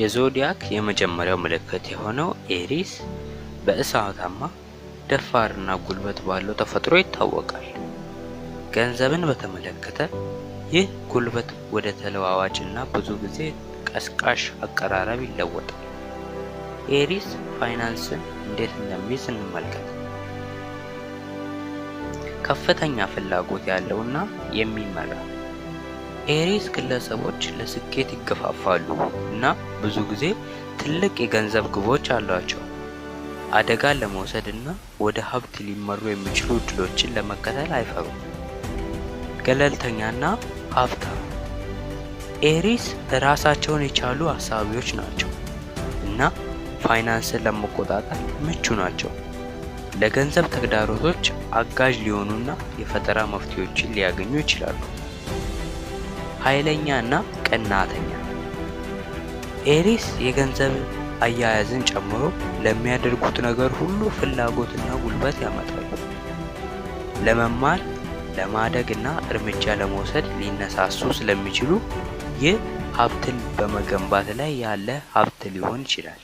የዞዲያክ የመጀመሪያው ምልክት የሆነው ኤሪስ በእሳታማ ደፋርና ጉልበት ባለው ተፈጥሮ ይታወቃል። ገንዘብን በተመለከተ ይህ ጉልበት ወደ ተለዋዋጭና ብዙ ጊዜ ቀስቃሽ አቀራረብ ይለወጣል። ኤሪስ ፋይናንስን እንዴት እንደሚይዝ እንመልከት። ከፍተኛ ፍላጎት ያለውና የሚመራ ኤሪስ ግለሰቦች ለስኬት ይገፋፋሉ እና ብዙ ጊዜ ትልቅ የገንዘብ ግቦች አሏቸው። አደጋን ለመውሰድ እና ወደ ሀብት ሊመሩ የሚችሉ እድሎችን ለመከተል አይፈሩም። ገለልተኛና ሀብታም ኤሪስ ራሳቸውን የቻሉ አሳቢዎች ናቸው እና ፋይናንስን ለመቆጣጠር ምቹ ናቸው። ለገንዘብ ተግዳሮቶች አጋዥ ሊሆኑና የፈጠራ መፍትሄዎችን ሊያገኙ ይችላሉ። ኃይለኛ እና ቀናተኛ። ኤሪስ የገንዘብ አያያዝን ጨምሮ ለሚያደርጉት ነገር ሁሉ ፍላጎትና ጉልበት ያመጣሉ። ለመማር ለማደግ እና እርምጃ ለመውሰድ ሊነሳሱ ስለሚችሉ ይህ ሀብትን በመገንባት ላይ ያለ ሀብት ሊሆን ይችላል።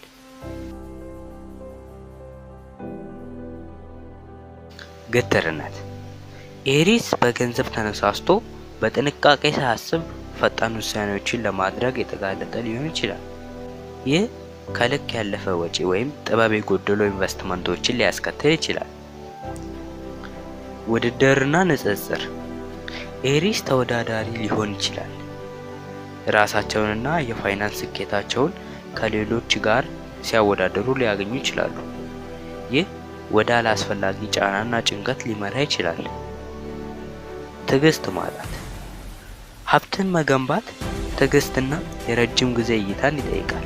ግትርነት ኤሪስ በገንዘብ ተነሳስቶ በጥንቃቄ ሳያስብ ፈጣን ውሳኔዎችን ለማድረግ የተጋለጠ ሊሆን ይችላል። ይህ ከልክ ያለፈ ወጪ ወይም ጥበብ የጎደሎ ኢንቨስትመንቶችን ሊያስከትል ይችላል። ውድድርና ንጽጽር ኤሪስ ተወዳዳሪ ሊሆን ይችላል። ራሳቸውንና የፋይናንስ ስኬታቸውን ከሌሎች ጋር ሲያወዳደሩ ሊያገኙ ይችላሉ። ይህ ወደ አላስፈላጊ ጫናና ጭንቀት ሊመራ ይችላል። ትዕግስት ማጣት ሀብትን መገንባት ትዕግስትና የረጅም ጊዜ እይታን ይጠይቃል።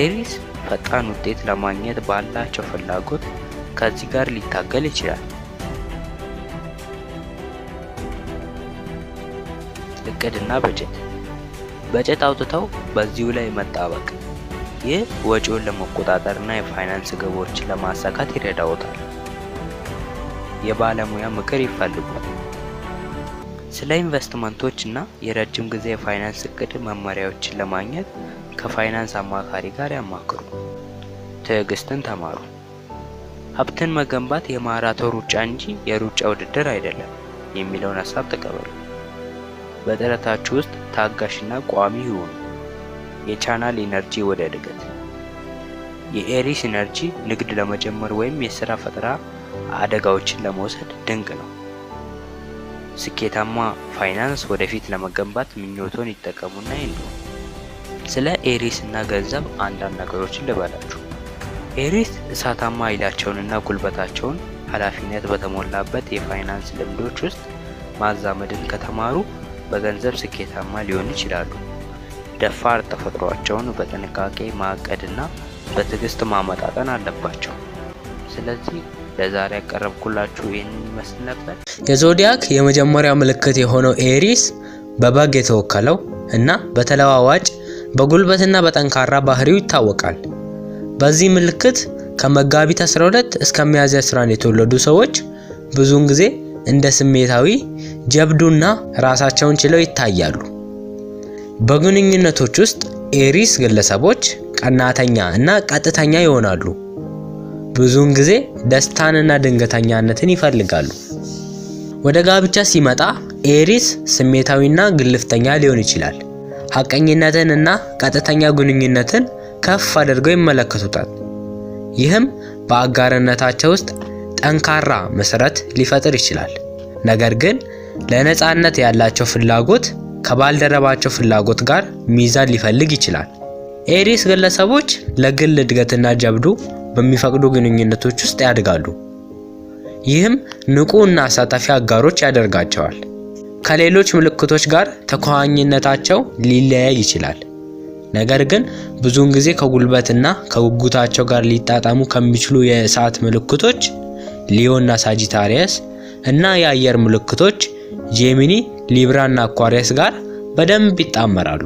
ኤሪስ ፈጣን ውጤት ለማግኘት ባላቸው ፍላጎት ከዚህ ጋር ሊታገል ይችላል። እቅድና በጀት በጀት አውጥተው በዚሁ ላይ መጣበቅ። ይህ ወጪውን ለመቆጣጠርና የፋይናንስ ግቦችን ለማሳካት ይረዳውታል። የባለሙያ ምክር ይፈልጓል። ስለ ኢንቨስትመንቶች እና የረጅም ጊዜ የፋይናንስ እቅድ መመሪያዎችን ለማግኘት ከፋይናንስ አማካሪ ጋር ያማክሩ። ትዕግስትን ተማሩ። ሀብትን መገንባት የማራቶን ሩጫ እንጂ የሩጫ ውድድር አይደለም የሚለውን ሀሳብ ተቀበሉ። በጥረታችሁ ውስጥ ታጋሽና ቋሚ ይሁኑ። የቻናል ኢነርጂ ወደ እድገት የኤሪስ ኢነርጂ ንግድ ለመጀመር ወይም የሥራ ፈጠራ አደጋዎችን ለመውሰድ ድንቅ ነው። ስኬታማ ፋይናንስ ወደፊት ለመገንባት ምኞቶን ይጠቀሙና ይንዱ። ስለ ኤሪስ እና ገንዘብ አንዳንድ ነገሮችን ልበላችሁ። ኤሪስ እሳታማ ኃይላቸውንና ጉልበታቸውን ኃላፊነት በተሞላበት የፋይናንስ ልምዶች ውስጥ ማዛመድን ከተማሩ በገንዘብ ስኬታማ ሊሆን ይችላሉ። ደፋር ተፈጥሯቸውን በጥንቃቄ ማቀድና በትዕግስት ማመጣጠን አለባቸው። ስለዚህ ለዛሬ ያቀረብኩላችሁ ይህን ይመስል ነበር። የዞዲያክ የመጀመሪያ ምልክት የሆነው ኤሪስ በበግ የተወከለው እና በተለዋዋጭ በጉልበትና በጠንካራ ባህሪው ይታወቃል። በዚህ ምልክት ከመጋቢት 12 እስከ ሚያዝያ 11 የተወለዱ ሰዎች ብዙውን ጊዜ እንደ ስሜታዊ ጀብዱና ራሳቸውን ችለው ይታያሉ። በግንኙነቶች ውስጥ ኤሪስ ግለሰቦች ቀናተኛ እና ቀጥተኛ ይሆናሉ። ብዙውን ጊዜ ደስታንና ድንገተኛነትን ይፈልጋሉ። ወደ ጋብቻ ሲመጣ ኤሪስ ስሜታዊና ግልፍተኛ ሊሆን ይችላል። ሐቀኝነትን እና ቀጥተኛ ግንኙነትን ከፍ አድርገው ይመለከቱታል። ይህም በአጋርነታቸው ውስጥ ጠንካራ መሰረት ሊፈጥር ይችላል። ነገር ግን ለነፃነት ያላቸው ፍላጎት ከባልደረባቸው ፍላጎት ጋር ሚዛን ሊፈልግ ይችላል። ኤሪስ ግለሰቦች ለግል እድገትና ጀብዱ በሚፈቅዱ ግንኙነቶች ውስጥ ያድጋሉ። ይህም ንቁ እና አሳታፊ አጋሮች ያደርጋቸዋል። ከሌሎች ምልክቶች ጋር ተኳኋኝነታቸው ሊለያይ ይችላል። ነገር ግን ብዙውን ጊዜ ከጉልበትና ከጉጉታቸው ጋር ሊጣጣሙ ከሚችሉ የእሳት ምልክቶች ሊዮና ሳጂታሪየስ እና የአየር ምልክቶች ጄሚኒ፣ ሊብራና አኳሪየስ ጋር በደንብ ይጣመራሉ።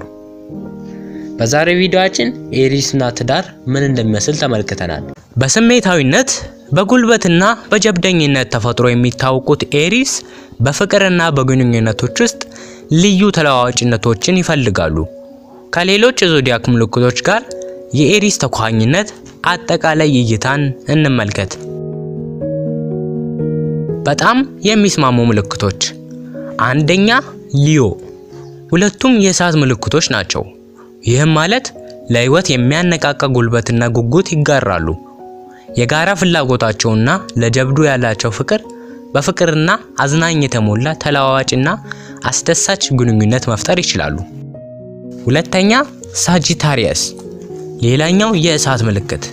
በዛሬው ቪዲዮአችን ኤሪስና ትዳር ምን እንደሚመስል ተመልክተናል። በስሜታዊነት በጉልበትና በጀብደኝነት ተፈጥሮ የሚታወቁት ኤሪስ በፍቅርና በግንኙነቶች ውስጥ ልዩ ተለዋዋጭነቶችን ይፈልጋሉ። ከሌሎች የዞዲያክ ምልክቶች ጋር የኤሪስ ተኳኋኝነት አጠቃላይ እይታን እንመልከት። በጣም የሚስማሙ ምልክቶች፣ አንደኛ ሊዮ፣ ሁለቱም የእሳት ምልክቶች ናቸው። ይህም ማለት ለህይወት የሚያነቃቃ ጉልበትና ጉጉት ይጋራሉ። የጋራ ፍላጎታቸውና ለጀብዱ ያላቸው ፍቅር በፍቅርና አዝናኝ የተሞላ ተለዋዋጭና አስደሳች ግንኙነት መፍጠር ይችላሉ። ሁለተኛ ሳጂታሪየስ፣ ሌላኛው የእሳት ምልክት።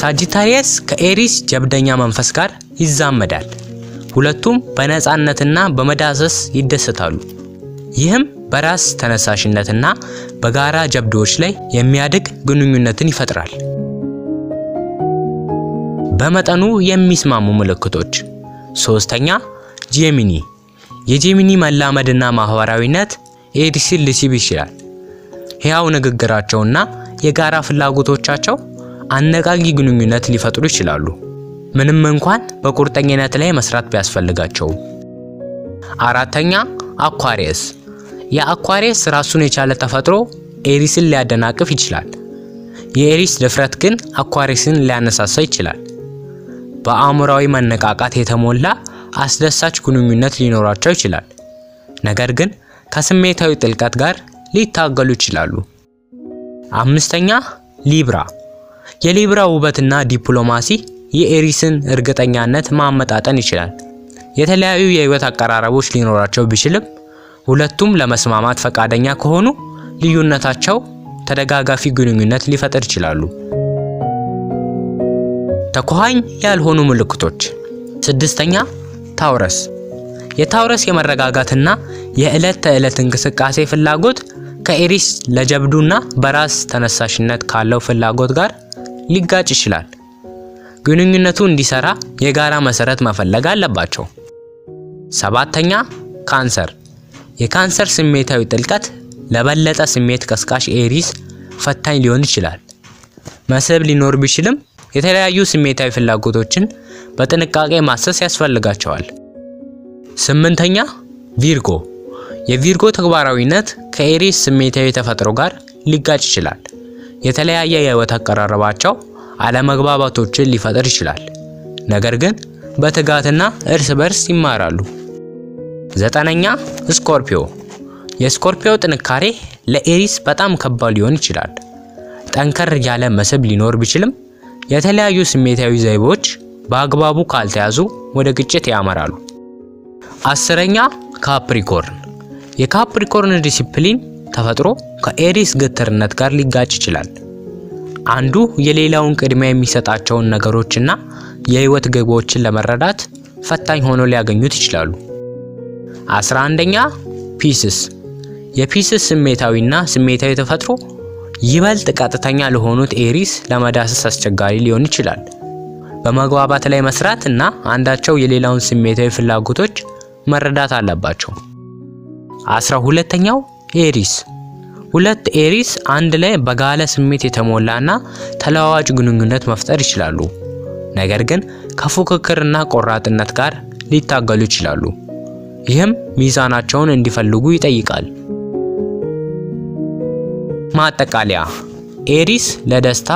ሳጂታሪየስ ከኤሪስ ጀብደኛ መንፈስ ጋር ይዛመዳል። ሁለቱም በነፃነትና በመዳሰስ ይደሰታሉ። ይህም በራስ ተነሳሽነትና በጋራ ጀብዶዎች ላይ የሚያድግ ግንኙነትን ይፈጥራል። በመጠኑ የሚስማሙ ምልክቶች። ሶስተኛ ጄሚኒ። የጄሚኒ መላመድና ማህበራዊነት ኤዲስን ሊስብ ይችላል። ሕያው ንግግራቸውና የጋራ ፍላጎቶቻቸው አነቃቂ ግንኙነት ሊፈጥሩ ይችላሉ፣ ምንም እንኳን በቁርጠኝነት ላይ መስራት ቢያስፈልጋቸውም። አራተኛ አኳሪየስ የአኳሪየስ ራሱን የቻለ ተፈጥሮ ኤሪስን ሊያደናቅፍ ይችላል። የኤሪስ ድፍረት ግን አኳሪስን ሊያነሳሳ ይችላል። በአእምሯዊ መነቃቃት የተሞላ አስደሳች ግንኙነት ሊኖራቸው ይችላል። ነገር ግን ከስሜታዊ ጥልቀት ጋር ሊታገሉ ይችላሉ። አምስተኛ ሊብራ። የሊብራ ውበትና ዲፕሎማሲ የኤሪስን እርግጠኛነት ማመጣጠን ይችላል። የተለያዩ የህይወት አቀራረቦች ሊኖራቸው ቢችልም ሁለቱም ለመስማማት ፈቃደኛ ከሆኑ ልዩነታቸው ተደጋጋፊ ግንኙነት ሊፈጥር ይችላሉ። ተኳኋኝ ያልሆኑ ምልክቶች። ስድስተኛ ታውረስ። የታውረስ የመረጋጋትና የዕለት ተዕለት እንቅስቃሴ ፍላጎት ከኤሪስ ለጀብዱና በራስ ተነሳሽነት ካለው ፍላጎት ጋር ሊጋጭ ይችላል። ግንኙነቱ እንዲሰራ የጋራ መሰረት መፈለግ አለባቸው። ሰባተኛ ካንሰር የካንሰር ስሜታዊ ጥልቀት ለበለጠ ስሜት ቀስቃሽ ኤሪስ ፈታኝ ሊሆን ይችላል። መስህብ ሊኖር ቢችልም የተለያዩ ስሜታዊ ፍላጎቶችን በጥንቃቄ ማሰስ ያስፈልጋቸዋል። ስምንተኛ ቪርጎ። የቪርጎ ተግባራዊነት ከኤሪስ ስሜታዊ ተፈጥሮ ጋር ሊጋጭ ይችላል። የተለያየ የህይወት አቀራረባቸው አለመግባባቶችን ሊፈጥር ይችላል። ነገር ግን በትጋትና እርስ በርስ ይማራሉ። ዘጠነኛ ስኮርፒዮ። የስኮርፒዮ ጥንካሬ ለኤሪስ በጣም ከባድ ሊሆን ይችላል። ጠንከር ያለ መስህብ ሊኖር ቢችልም የተለያዩ ስሜታዊ ዘይቤዎች በአግባቡ ካልተያዙ ወደ ግጭት ያመራሉ። አስረኛ ካፕሪኮርን። የካፕሪኮርን ዲሲፕሊን ተፈጥሮ ከኤሪስ ግትርነት ጋር ሊጋጭ ይችላል። አንዱ የሌላውን ቅድሚያ የሚሰጣቸውን ነገሮችና የህይወት ግቦችን ለመረዳት ፈታኝ ሆኖ ሊያገኙት ይችላሉ። አስራ አንደኛ ፒስስ የፒስስ ስሜታዊና ስሜታዊ ተፈጥሮ ይበልጥ ቀጥተኛ ለሆኑት ኤሪስ ለመዳሰስ አስቸጋሪ ሊሆን ይችላል። በመግባባት ላይ መስራት እና አንዳቸው የሌላውን ስሜታዊ ፍላጎቶች መረዳት አለባቸው። አስራ ሁለተኛው ኤሪስ ሁለት ኤሪስ አንድ ላይ በጋለ ስሜት የተሞላና ተለዋዋጭ ግንኙነት መፍጠር ይችላሉ። ነገር ግን ከፉክክርና ቆራጥነት ጋር ሊታገሉ ይችላሉ። ይህም ሚዛናቸውን እንዲፈልጉ ይጠይቃል። ማጠቃለያ፣ ኤሪስ ለደስታ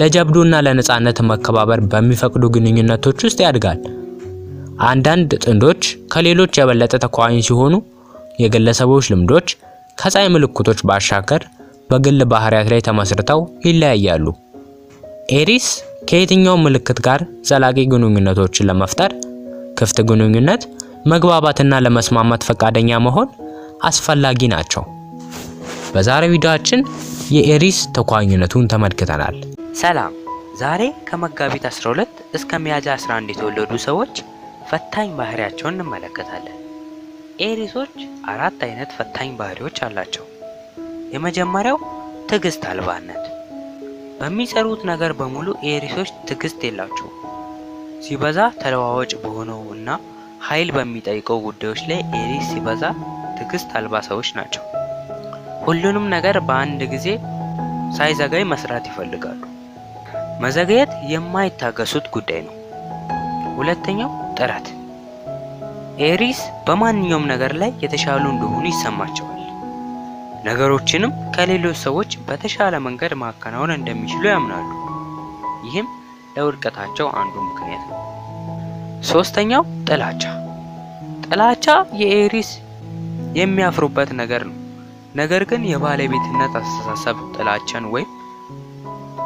ለጀብዱና ለነጻነት መከባበር በሚፈቅዱ ግንኙነቶች ውስጥ ያድጋል። አንዳንድ ጥንዶች ከሌሎች የበለጠ ተኳዋኝ ሲሆኑ፣ የግለሰቦች ልምዶች ከፀሐይ ምልክቶች ባሻገር በግል ባህሪያት ላይ ተመስርተው ይለያያሉ። ኤሪስ ከየትኛው ምልክት ጋር ዘላቂ ግንኙነቶችን ለመፍጠር ክፍት ግንኙነት መግባባትና ለመስማማት ፈቃደኛ መሆን አስፈላጊ ናቸው። በዛሬው ቪዲዮአችን የኤሪስ ተኳኝነቱን ተመልክተናል። ሰላም። ዛሬ ከመጋቢት 12 እስከ ሚያዝያ 11 የተወለዱ ሰዎች ፈታኝ ባህሪያቸውን እንመለከታለን። ኤሪሶች አራት አይነት ፈታኝ ባህሪዎች አላቸው። የመጀመሪያው ትዕግስት አልባነት። በሚሰሩት ነገር በሙሉ ኤሪሶች ትዕግስት የላቸው ሲበዛ ተለዋዋጭ በሆነው እና ኃይል በሚጠይቀው ጉዳዮች ላይ ኤሪስ ሲበዛ ትዕግስት አልባ ሰዎች ናቸው። ሁሉንም ነገር በአንድ ጊዜ ሳይዘጋይ መስራት ይፈልጋሉ። መዘግየት የማይታገሱት ጉዳይ ነው። ሁለተኛው ጥረት። ኤሪስ በማንኛውም ነገር ላይ የተሻሉ እንደሆኑ ይሰማቸዋል። ነገሮችንም ከሌሎች ሰዎች በተሻለ መንገድ ማከናወን እንደሚችሉ ያምናሉ። ይህም ለውድቀታቸው አንዱ ምክንያት ነው። ሶስተኛው ጥላቻ። ጥላቻ የኤሪስ የሚያፍሩበት ነገር ነው። ነገር ግን የባለቤትነት አስተሳሰብ ጥላቻን ወይም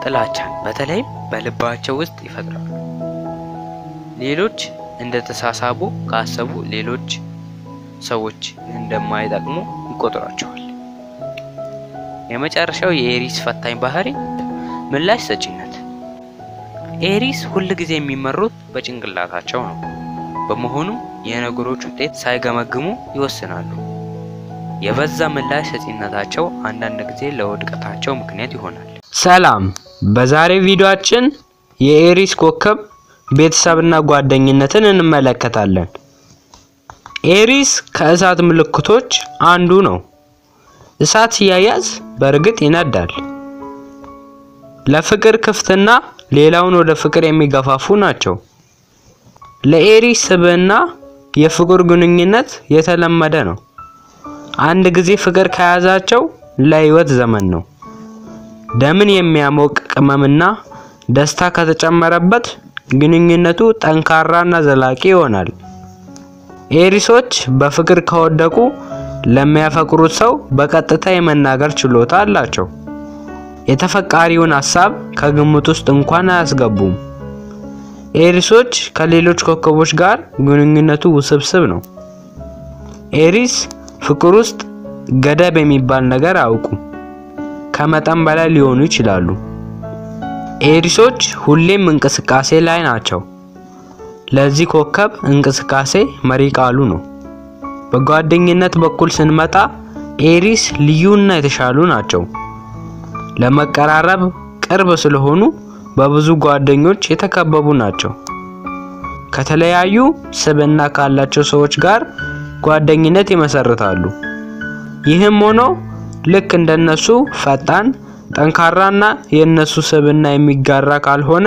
ጥላቻን በተለይም በልባቸው ውስጥ ይፈጥራሉ። ሌሎች እንደተሳሳቡ ካሰቡ ሌሎች ሰዎች እንደማይጠቅሙ ይቆጥሯቸዋል። የመጨረሻው የኤሪስ ፈታኝ ባህሪ ምላሽ ሰጪነት ኤሪስ ጊዜ የሚመሩት በጭንቅላታቸው ነው። በመሆኑም የነገሮች ውጤት ሳይገመግሙ ይወስናሉ። የበዛ ምላሽ ሰጪነታቸው አንዳንድ ጊዜ ለውድቀታቸው ምክንያት ይሆናል። ሰላም፣ በዛሬ ቪዲዮአችን የኤሪስ ኮከብ ቤተሰብና ጓደኝነትን እንመለከታለን። ኤሪስ ከእሳት ምልክቶች አንዱ ነው። እሳት ሲያያዝ በእርግጥ ይነዳል። ለፍቅር ክፍትና ሌላውን ወደ ፍቅር የሚገፋፉ ናቸው። ለኤሪስ ስብዕና የፍቅር ግንኙነት የተለመደ ነው። አንድ ጊዜ ፍቅር ከያዛቸው ለህይወት ዘመን ነው። ደምን የሚያሞቅ ቅመምና ደስታ ከተጨመረበት ግንኙነቱ ጠንካራና ዘላቂ ይሆናል። ኤሪሶች በፍቅር ከወደቁ ለሚያፈቅሩት ሰው በቀጥታ የመናገር ችሎታ አላቸው። የተፈቃሪውን ሀሳብ ከግምት ውስጥ እንኳን አያስገቡም። ኤሪሶች ከሌሎች ኮከቦች ጋር ግንኙነቱ ውስብስብ ነው። ኤሪስ ፍቅር ውስጥ ገደብ የሚባል ነገር አውቁ ከመጠን በላይ ሊሆኑ ይችላሉ። ኤሪሶች ሁሌም እንቅስቃሴ ላይ ናቸው። ለዚህ ኮከብ እንቅስቃሴ መሪ ቃሉ ነው። በጓደኝነት በኩል ስንመጣ ኤሪስ ልዩና የተሻሉ ናቸው። ለመቀራረብ ቅርብ ስለሆኑ በብዙ ጓደኞች የተከበቡ ናቸው። ከተለያዩ ስብዕና ካላቸው ሰዎች ጋር ጓደኝነት ይመሰርታሉ። ይህም ሆኖ ልክ እንደነሱ ፈጣን፣ ጠንካራና የእነሱ ስብዕና የሚጋራ ካልሆነ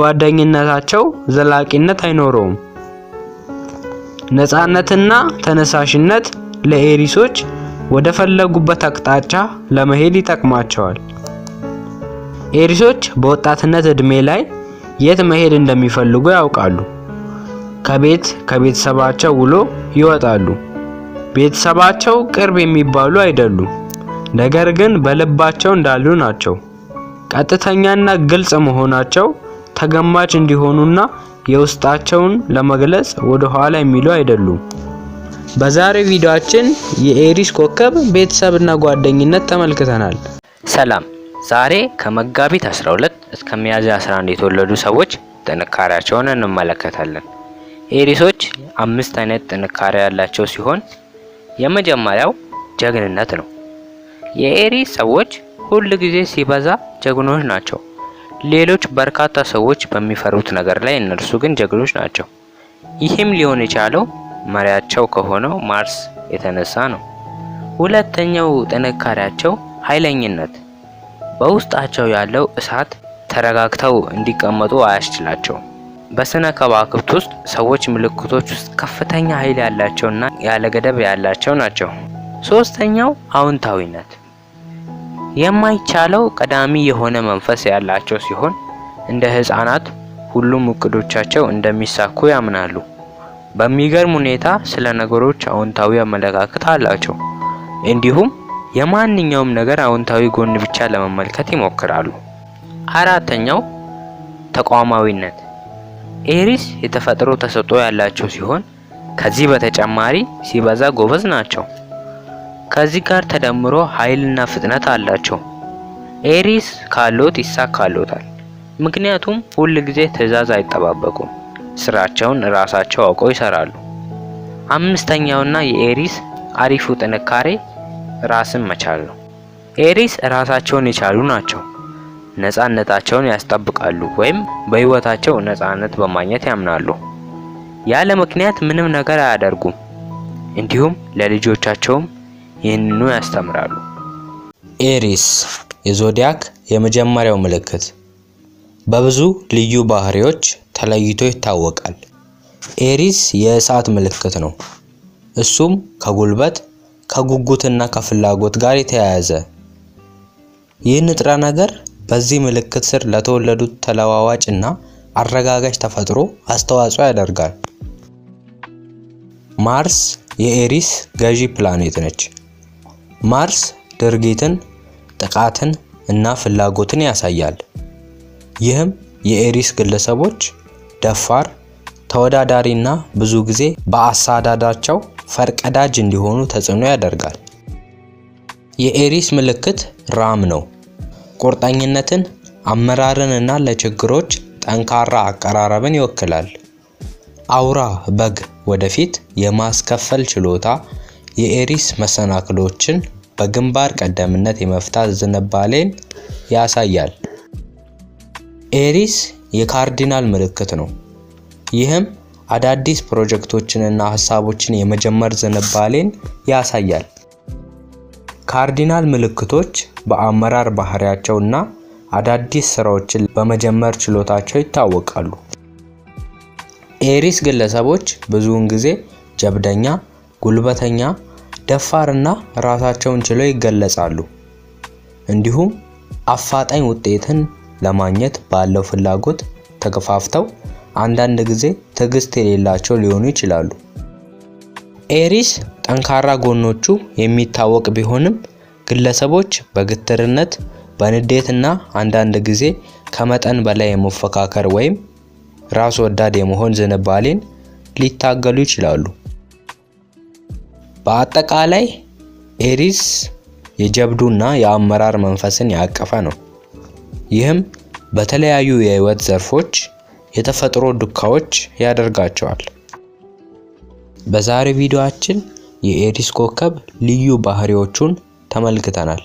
ጓደኝነታቸው ዘላቂነት አይኖረውም። ነፃነትና ተነሳሽነት ለኤሪሶች ወደ ፈለጉበት አቅጣጫ ለመሄድ ይጠቅማቸዋል። ኤሪሶች በወጣትነት እድሜ ላይ የት መሄድ እንደሚፈልጉ ያውቃሉ። ከቤት ከቤተሰባቸው ውሎ ይወጣሉ። ቤተሰባቸው ቅርብ የሚባሉ አይደሉም፣ ነገር ግን በልባቸው እንዳሉ ናቸው። ቀጥተኛና ግልጽ መሆናቸው ተገማች እንዲሆኑና የውስጣቸውን ለመግለጽ ወደ ኋላ የሚሉ አይደሉም። በዛሬው ቪዲዮአችን የኤሪስ ኮከብ ቤተሰብና ጓደኝነት ተመልክተናል። ሰላም፣ ዛሬ ከመጋቢት 12 እስከ ሚያዝያ 11 የተወለዱ ሰዎች ጥንካሬያቸውን እንመለከታለን። ኤሪሶች አምስት አይነት ጥንካሬ ያላቸው ሲሆን የመጀመሪያው ጀግንነት ነው። የኤሪስ ሰዎች ሁል ጊዜ ሲበዛ ጀግኖች ናቸው። ሌሎች በርካታ ሰዎች በሚፈሩት ነገር ላይ እነርሱ ግን ጀግኖች ናቸው። ይህም ሊሆን የቻለው መሪያቸው ከሆነው ማርስ የተነሳ ነው። ሁለተኛው ጥንካሬያቸው ኃይለኝነት፣ በውስጣቸው ያለው እሳት ተረጋግተው እንዲቀመጡ አያስችላቸውም። በስነ ከዋክብት ውስጥ ሰዎች ምልክቶች ውስጥ ከፍተኛ ኃይል ያላቸውና ያለ ገደብ ያላቸው ናቸው። ሶስተኛው አዎንታዊነት፣ የማይቻለው ቀዳሚ የሆነ መንፈስ ያላቸው ሲሆን እንደ ህፃናት ሁሉም እቅዶቻቸው እንደሚሳኩ ያምናሉ። በሚገርም ሁኔታ ስለ ነገሮች አዎንታዊ አመለካከት አላቸው። እንዲሁም የማንኛውም ነገር አዎንታዊ ጎን ብቻ ለመመልከት ይሞክራሉ። አራተኛው ተቋማዊነት። ኤሪስ የተፈጥሮ ተሰጥኦ ያላቸው ሲሆን ከዚህ በተጨማሪ ሲበዛ ጎበዝ ናቸው። ከዚህ ጋር ተደምሮ ኃይልና ፍጥነት አላቸው። ኤሪስ ካሎት ይሳካሎታል፣ ምክንያቱም ሁል ጊዜ ትዕዛዝ አይጠባበቁም። ስራቸውን ራሳቸው አውቀው ይሰራሉ። አምስተኛውና የኤሪስ አሪፉ ጥንካሬ ራስን መቻል ነው። ኤሪስ ራሳቸውን የቻሉ ናቸው። ነፃነታቸውን ያስጠብቃሉ ወይም በህይወታቸው ነፃነት በማግኘት ያምናሉ። ያለ ምክንያት ምንም ነገር አያደርጉም። እንዲሁም ለልጆቻቸውም ይህንኑ ያስተምራሉ። ኤሪስ የዞዲያክ የመጀመሪያው ምልክት በብዙ ልዩ ባህሪዎች ተለይቶ ይታወቃል። ኤሪስ የእሳት ምልክት ነው። እሱም ከጉልበት ከጉጉትና ከፍላጎት ጋር የተያያዘ ይህ ንጥረ ነገር በዚህ ምልክት ስር ለተወለዱት ተለዋዋጭ እና አረጋጋጭ ተፈጥሮ አስተዋጽኦ ያደርጋል። ማርስ የኤሪስ ገዢ ፕላኔት ነች። ማርስ ድርጊትን፣ ጥቃትን እና ፍላጎትን ያሳያል። ይህም የኤሪስ ግለሰቦች ደፋር፣ ተወዳዳሪና ብዙ ጊዜ በአሳዳዳቸው ፈርቀዳጅ እንዲሆኑ ተጽዕኖ ያደርጋል። የኤሪስ ምልክት ራም ነው። ቁርጠኝነትን፣ አመራርንና ለችግሮች ጠንካራ አቀራረብን ይወክላል። አውራ በግ ወደፊት የማስከፈል ችሎታ የኤሪስ መሰናክሎችን በግንባር ቀደምነት የመፍታት ዝንባሌን ያሳያል። ኤሪስ የካርዲናል ምልክት ነው። ይህም አዳዲስ ፕሮጀክቶችንና ሀሳቦችን የመጀመር ዝንባሌን ያሳያል። ካርዲናል ምልክቶች በአመራር ባህሪያቸው እና አዳዲስ ስራዎችን በመጀመር ችሎታቸው ይታወቃሉ። ኤሪስ ግለሰቦች ብዙውን ጊዜ ጀብደኛ፣ ጉልበተኛ፣ ደፋርና ራሳቸውን ችለው ይገለጻሉ። እንዲሁም አፋጣኝ ውጤትን ለማግኘት ባለው ፍላጎት ተከፋፍተው አንዳንድ ጊዜ ትዕግስት የሌላቸው ሊሆኑ ይችላሉ። ኤሪስ ጠንካራ ጎኖቹ የሚታወቅ ቢሆንም ግለሰቦች በግትርነት በንዴትና አንዳንድ ጊዜ ከመጠን በላይ የመፎካከር ወይም ራስ ወዳድ የመሆን ዝንባሌን ሊታገሉ ይችላሉ። በአጠቃላይ ኤሪስ የጀብዱና የአመራር መንፈስን ያቀፈ ነው። ይህም በተለያዩ የህይወት ዘርፎች የተፈጥሮ ዱካዎች ያደርጋቸዋል። በዛሬ ቪዲዮአችን የኤሪስ ኮከብ ልዩ ባህሪዎቹን ተመልክተናል።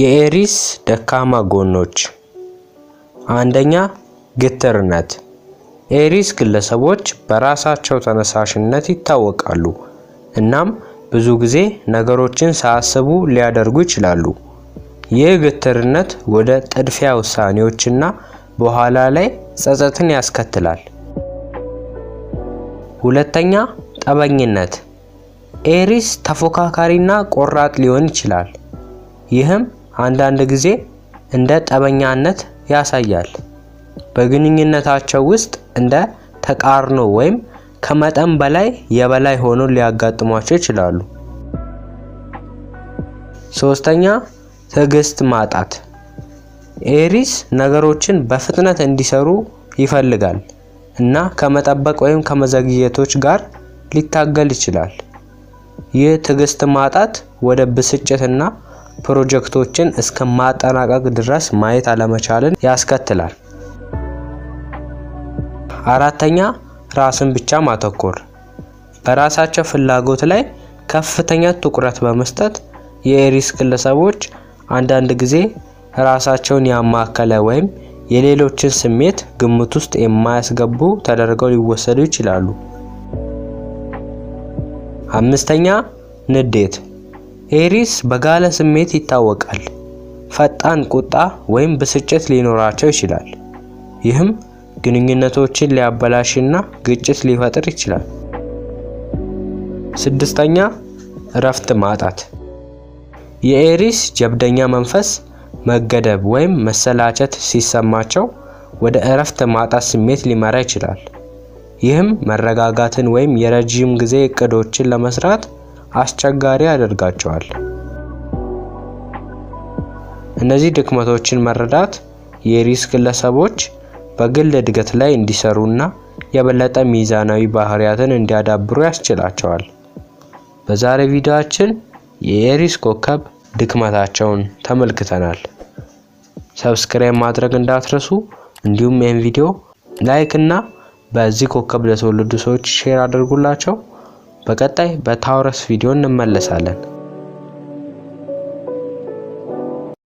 የኤሪስ ደካማ ጎኖች፣ አንደኛ ግትርነት። ኤሪስ ግለሰቦች በራሳቸው ተነሳሽነት ይታወቃሉ። እናም ብዙ ጊዜ ነገሮችን ሳያስቡ ሊያደርጉ ይችላሉ። ይህ ግትርነት ወደ ጥድፊያ ውሳኔዎችና በኋላ ላይ ጸጸትን ያስከትላል። ሁለተኛ ጠበኝነት፣ ኤሪስ ተፎካካሪና ቆራጥ ሊሆን ይችላል። ይህም አንዳንድ ጊዜ እንደ ጠበኛነት ያሳያል። በግንኙነታቸው ውስጥ እንደ ተቃርኖ ወይም ከመጠን በላይ የበላይ ሆኖ ሊያጋጥሟቸው ይችላሉ። ሶስተኛ ትዕግስት ማጣት። ኤሪስ ነገሮችን በፍጥነት እንዲሰሩ ይፈልጋል እና ከመጠበቅ ወይም ከመዘግየቶች ጋር ሊታገል ይችላል። ይህ ትዕግስት ማጣት ወደ ብስጭትና ፕሮጀክቶችን እስከ ማጠናቀቅ ድረስ ማየት አለመቻልን ያስከትላል። አራተኛ፣ ራስን ብቻ ማተኮር። በራሳቸው ፍላጎት ላይ ከፍተኛ ትኩረት በመስጠት የኤሪስ ግለሰቦች አንዳንድ ጊዜ ራሳቸውን ያማከለ ወይም የሌሎችን ስሜት ግምት ውስጥ የማያስገቡ ተደርገው ሊወሰዱ ይችላሉ። አምስተኛ ንዴት። ኤሪስ በጋለ ስሜት ይታወቃል። ፈጣን ቁጣ ወይም ብስጭት ሊኖራቸው ይችላል። ይህም ግንኙነቶችን ሊያበላሽና ግጭት ሊፈጥር ይችላል። ስድስተኛ እረፍት ማጣት የኤሪስ ጀብደኛ መንፈስ መገደብ ወይም መሰላቸት ሲሰማቸው ወደ እረፍት ማጣት ስሜት ሊመራ ይችላል። ይህም መረጋጋትን ወይም የረጅም ጊዜ እቅዶችን ለመስራት አስቸጋሪ ያደርጋቸዋል። እነዚህ ድክመቶችን መረዳት የኤሪስ ግለሰቦች በግል እድገት ላይ እንዲሰሩና የበለጠ ሚዛናዊ ባህሪያትን እንዲያዳብሩ ያስችላቸዋል። በዛሬ ቪዲዮአችን የኤሪስ ኮከብ ድክመታቸውን ተመልክተናል። ሰብስክራይብ ማድረግ እንዳትረሱ፣ እንዲሁም ይህን ቪዲዮ ላይክ እና በዚህ ኮከብ ለተወለዱ ሰዎች ሼር አድርጉላቸው። በቀጣይ በታውረስ ቪዲዮ እንመለሳለን።